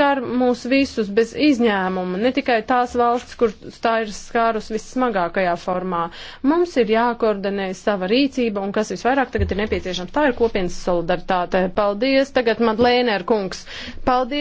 skar mūs visus bez izņēmuma, ne tikai tās valsts, kur tā ir skārus vissmagākajā formā. Mums ir jākoordinē sava rīcība un kas visvairāk tagad ir nepieciešams. Tā ir kopienas solidaritāte. Paldies, tagad Madlēnē ar kungs. Paldies.